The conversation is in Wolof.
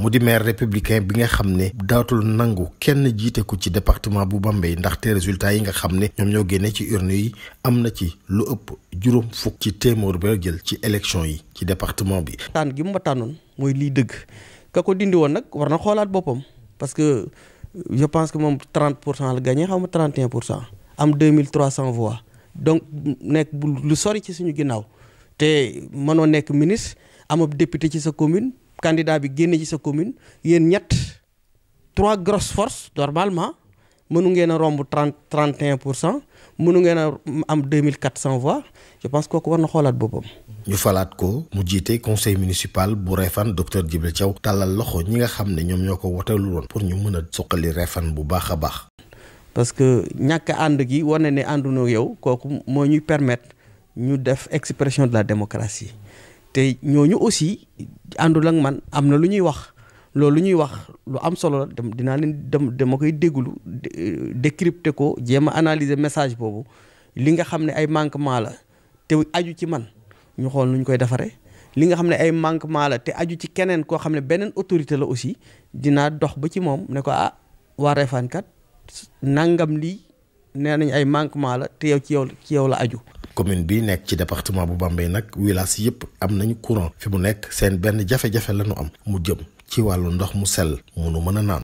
mu di maire républicain bi nga xam ne daatul nangu kenn jiite ko ci département bu ndax te résultat yi nga xam ne ñoom ñoo génnee ci urne yi am na ci lu ëpp juróom fukk ci téeméer ba jël ci élection yi ci département bi. tànn gi mu ma tànnoon mooy lii dëgg ka ko dindi woon nag war na xoolaat boppam parce que euh, je pense que moom 30 pour cent la gagné xaw ma 31 pour cent am deux cent voix donc nekk lu sori ci suñu ginnaaw te mënoo nekk ministre am ab député ci sa commune. candidat bi génnee ci sa commune yéen ñett trois grosses forces normalement mënu ngeen a romb trente trente et un pour cent mënu ngeen a am deux mille quatre cent voix je pense kooku war na xoolaat boppam. ñu falaat ko mu jiite conseil municipal bu Refane docteur Djibril Thiaw tàllal loxo ñi nga xam ne ñoom ñoo ko woteelu woon pour ñu mën a suqali Refane bu baax a baax. parce que ñàkk ànd gi war na ne àndunoo yow kooku moo ñuy permettre ñu def expression de la démocratie. te ñooñu aussi àndul ak man am na lu ñuy wax loolu lu ñuy wax lu am solo la dem dinaa leen dem dama koy dégglu euh, décrypter ko jéem a analyser message boobu li nga xam ne ay manquement la te aju ci man ñu xool nu koy defaree. li nga xam ne ay manquement la te aju ci keneen koo xam ne beneen autorité la aussi dinaa dox ba ci moom ne ko ah waa Refane kat nangam lii nee nañ ay manquement la te ci yow ci yow la aju. commune bi nekk ci département bu Bambey nag village yëpp am nañu courant fi mu nekk seen benn jafe-jafe la ñu am mu jëm ci wàllu ndox mu sell munu mën a naan